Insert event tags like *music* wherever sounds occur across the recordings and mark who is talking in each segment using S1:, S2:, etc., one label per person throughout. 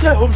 S1: Yeah, home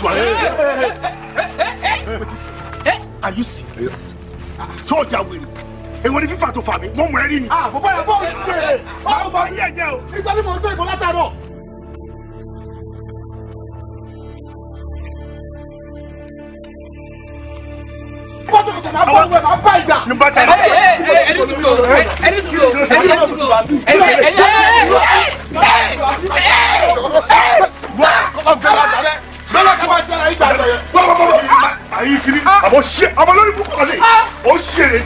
S2: soirée. Are you serious? Ṣọ́ọ̀jà wèrè. Èwo ni fífà tó fà mí? Mo mọ̀ ẹ́ rí ni. Àbúkọ yẹn bọ́ọ̀lù sí wèrè. Báwo máa yí ẹ̀jẹ̀ o? Ìgbà tí mo ń tó ìbọn látàárọ̀. Nígbà tí a bá bá ìjà. Ẹni sùn lò, ẹni sùn lò, ẹni sùn lò, ẹni sùn lò. àyè kiri àbọ̀ ah! ṣe àbọ̀ lórí burúkú kan ní ah! ò ń ṣe rè.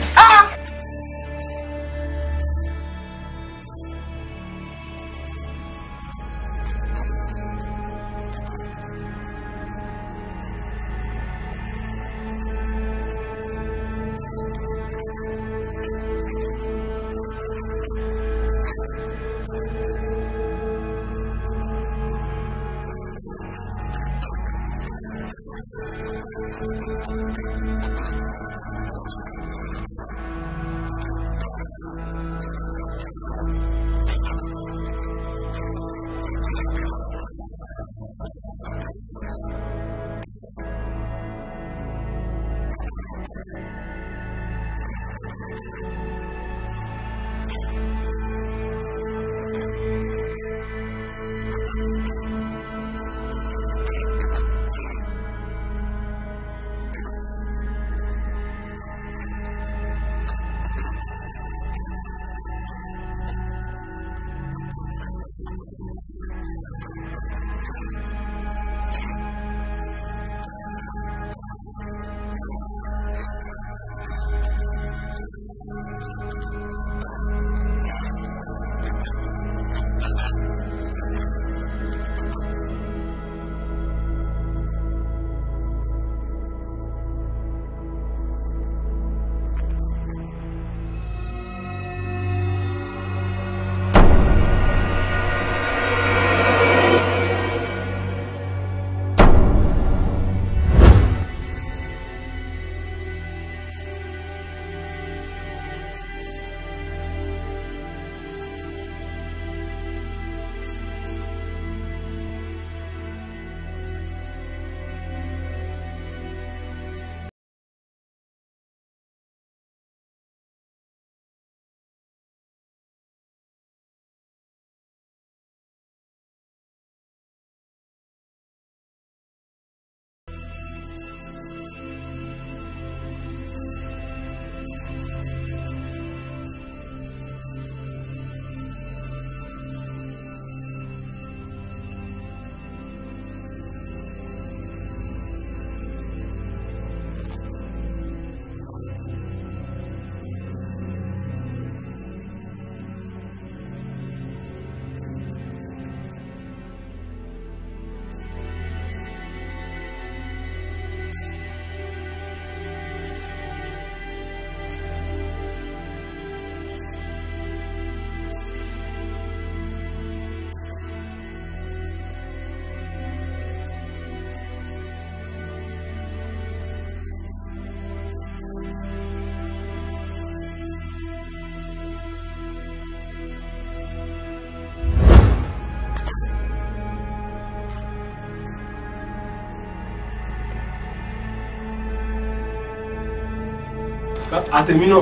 S1: àtẹ̀mí náà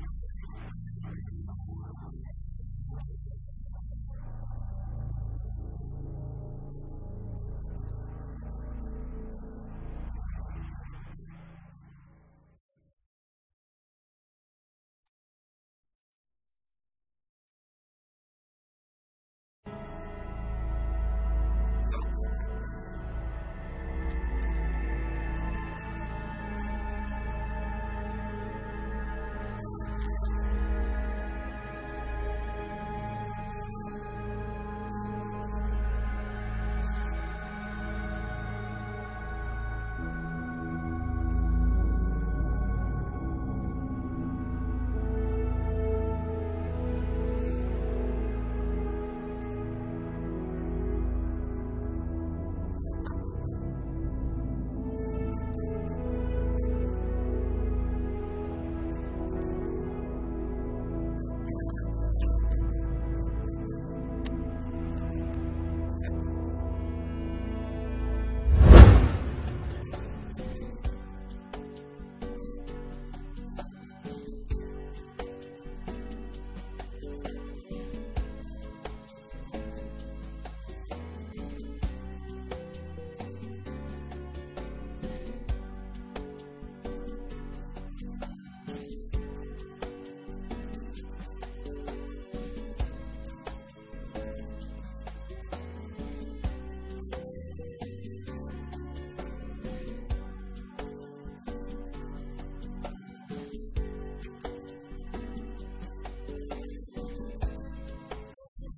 S1: うん。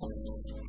S1: I'm going to go to the next one.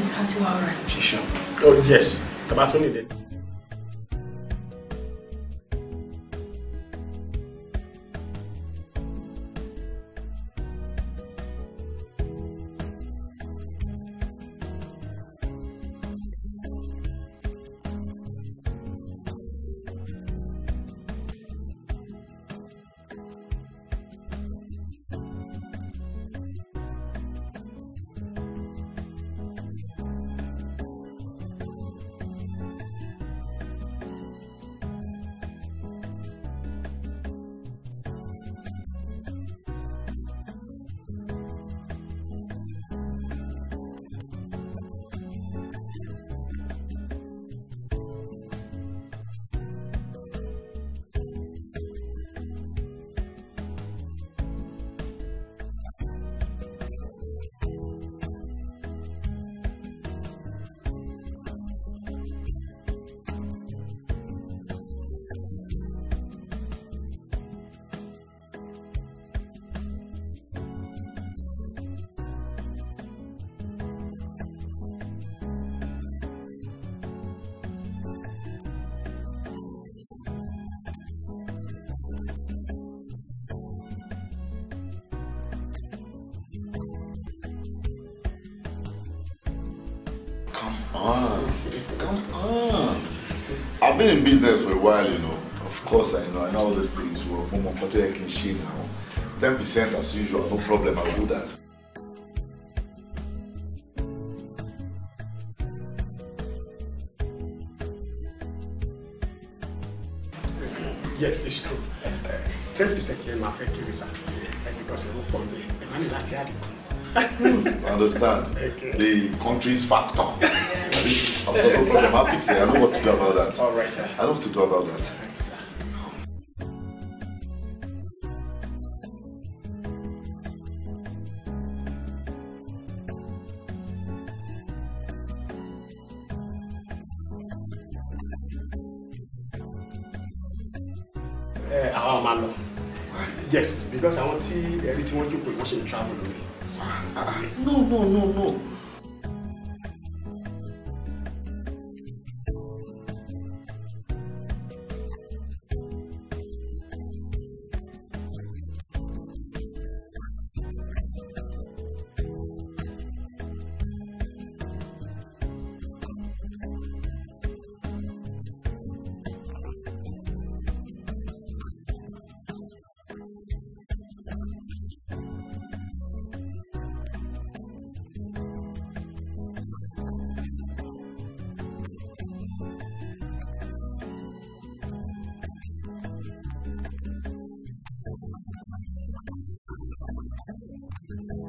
S1: yes àti wà alright. ṣe sure.
S2: oh yes tabatoni dẹ. on. Come
S1: on.
S2: I've been in business for a while, you know. Of course, I know. I know all these things. We're Well, Momo Kote Kinshi now. 10% as usual, no problem. I'll do that. Yes, it's true. Ten percent here, my friend, give Yes. Because I look on the money that I understand. *laughs* Okay. The country's factor.
S1: I've got no problematics I know what to do about that. All
S2: right, sir. I know what to do about that. Eh, àwọn our lọ yes because àwọn tí ẹrí tí wọ́n jókòó ìwọ́n ṣe ń travel lórí.
S1: no no no no Thank you.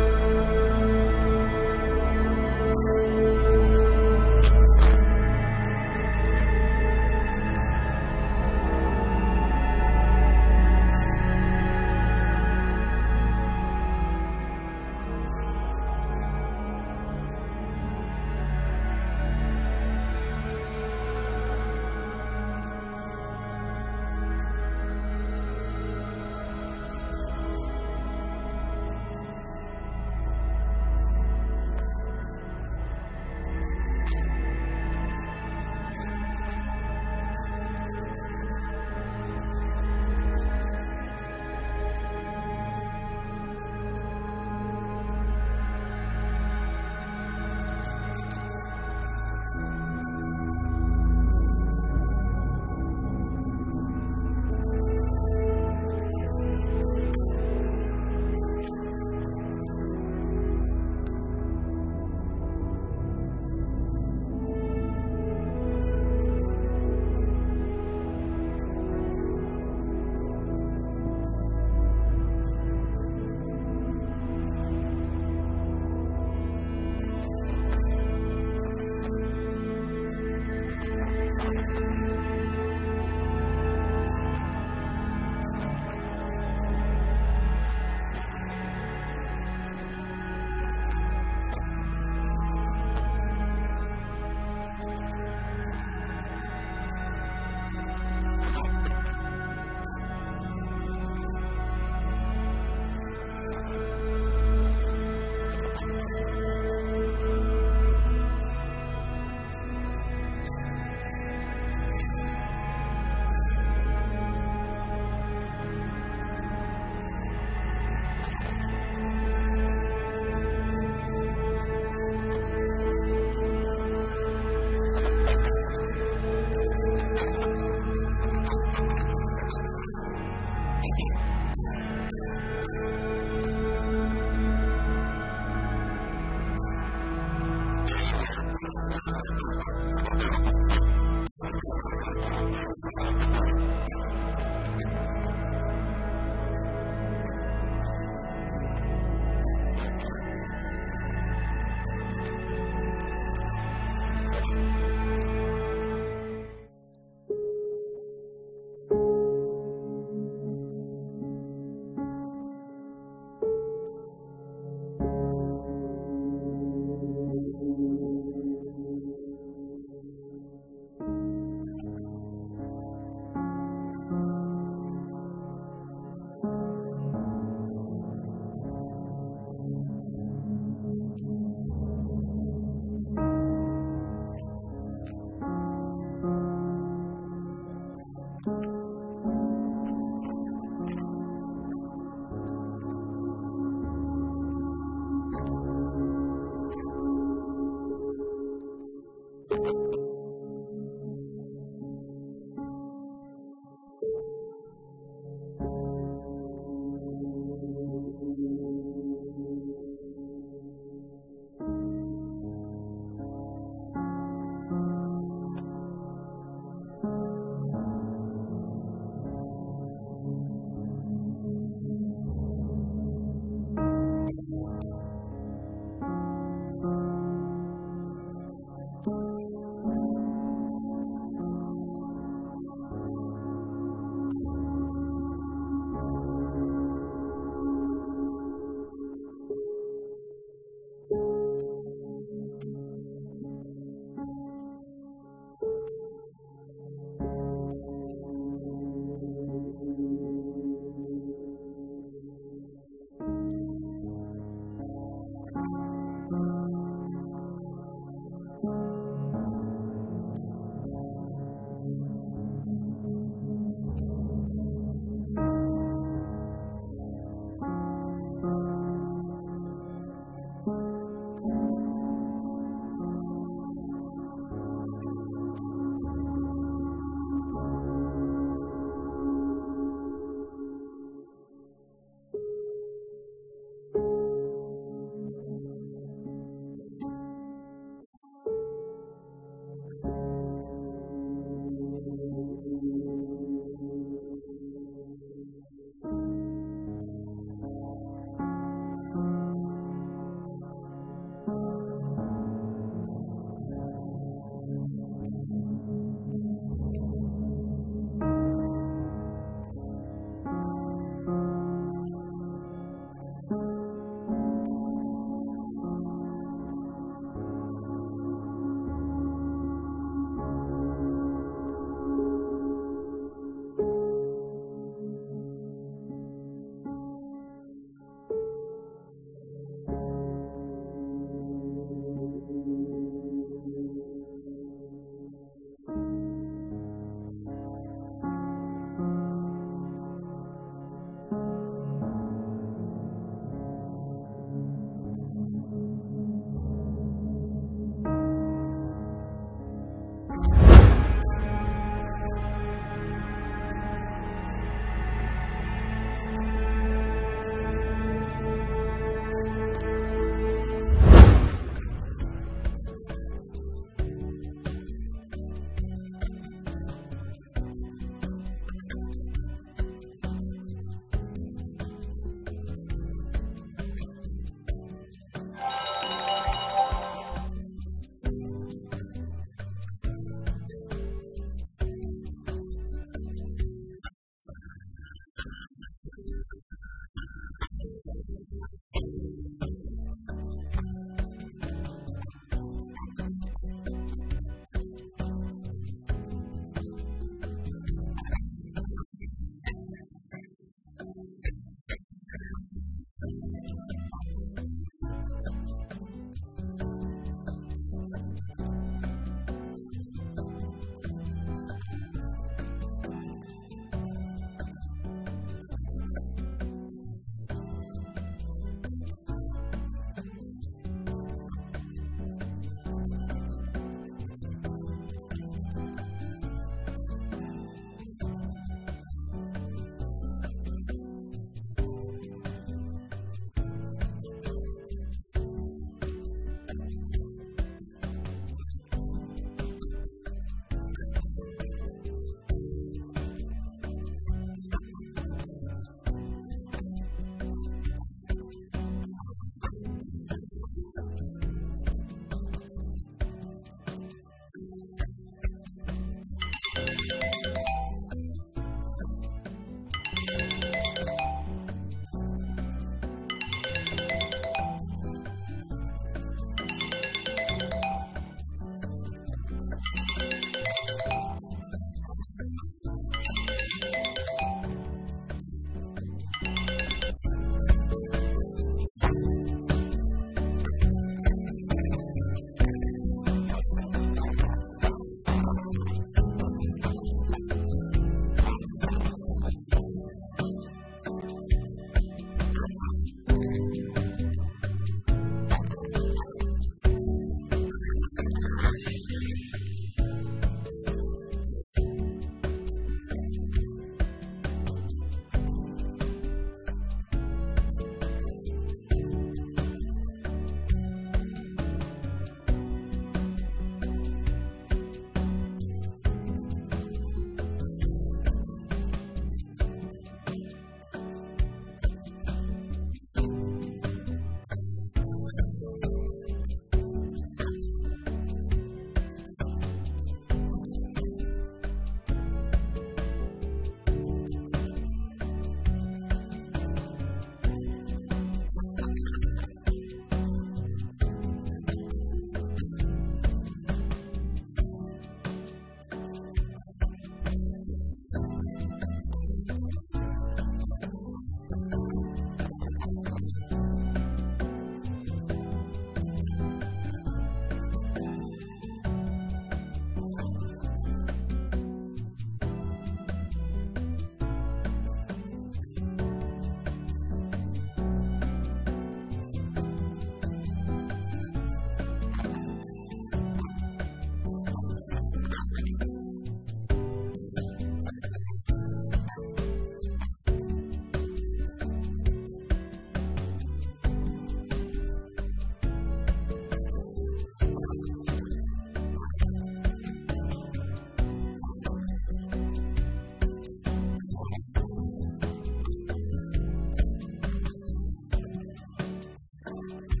S1: Thank you.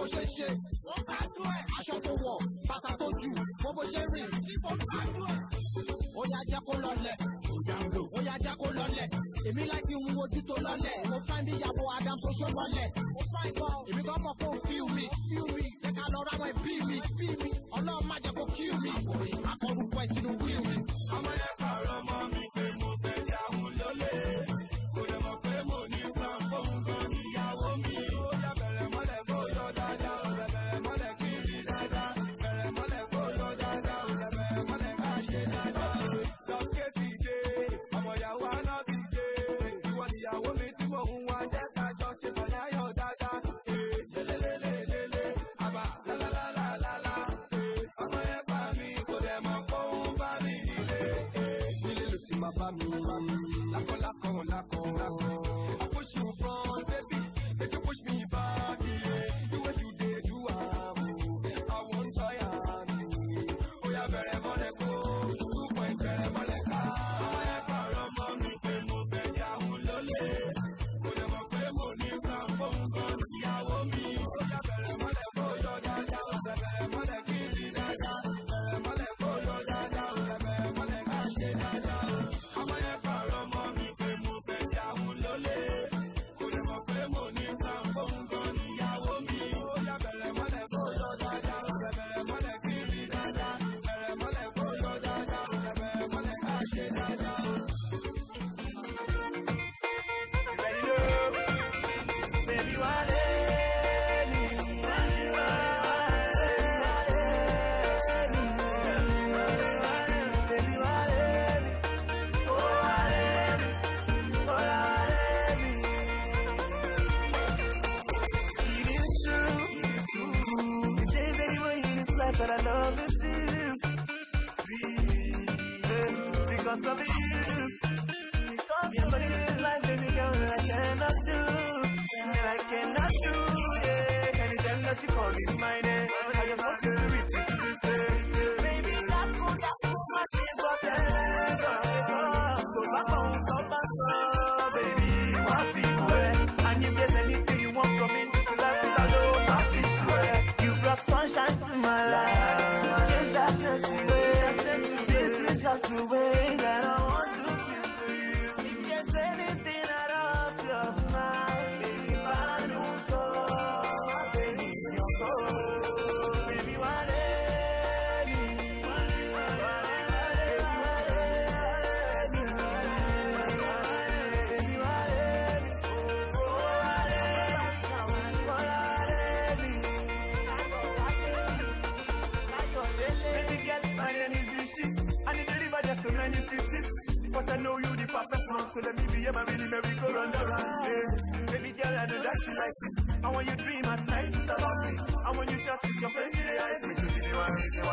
S2: bó ṣe ṣe aṣọ tó wọ̀ bàtà tó jù mọ bó ṣe rìn Yeah. But I love it. Yeah, my really merry go round the round. Baby girl, I know that you like me. I want you dream at night, it's about me. I want you chat with your face in the eyes. This is the one reason